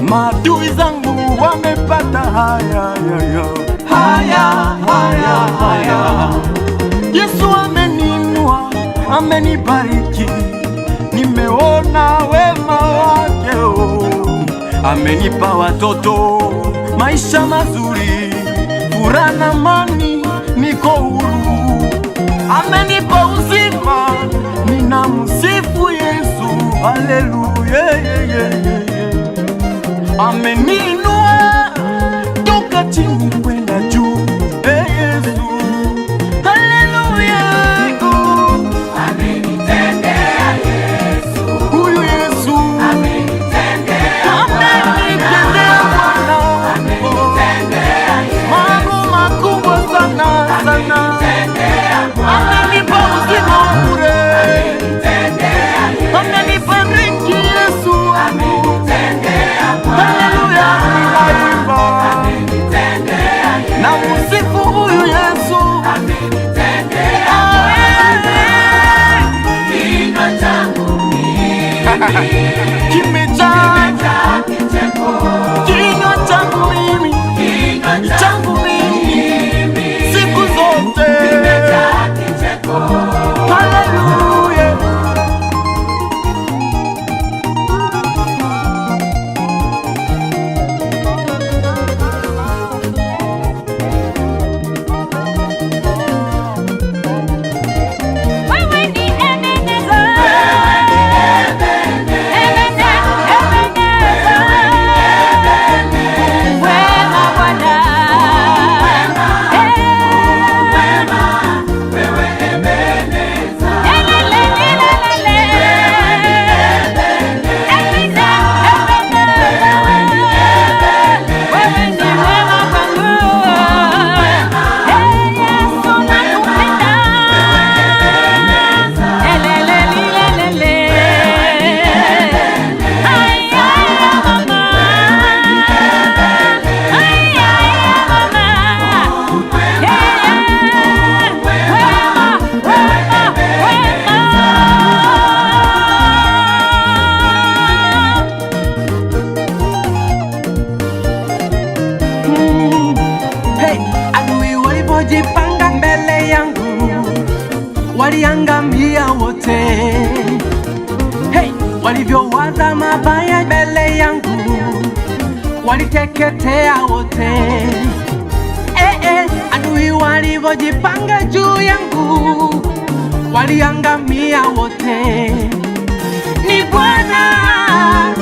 madui zangu wamepata haya yoyo haya haya haya. Yesu ameninua, amenibariki, nimeona wema wake, oh. amenipa watoto, maisha mazuri, furaha na amani, niko huru, amenipa uzima, ninamsifu Yesu, haleluya. need. kuwaambia wote hey, walivyowaza mabaya mbele yangu, waliteketea wote hey, eh, eh, hey, adui walivyojipanga juu yangu, waliangamia wote. Ni Bwana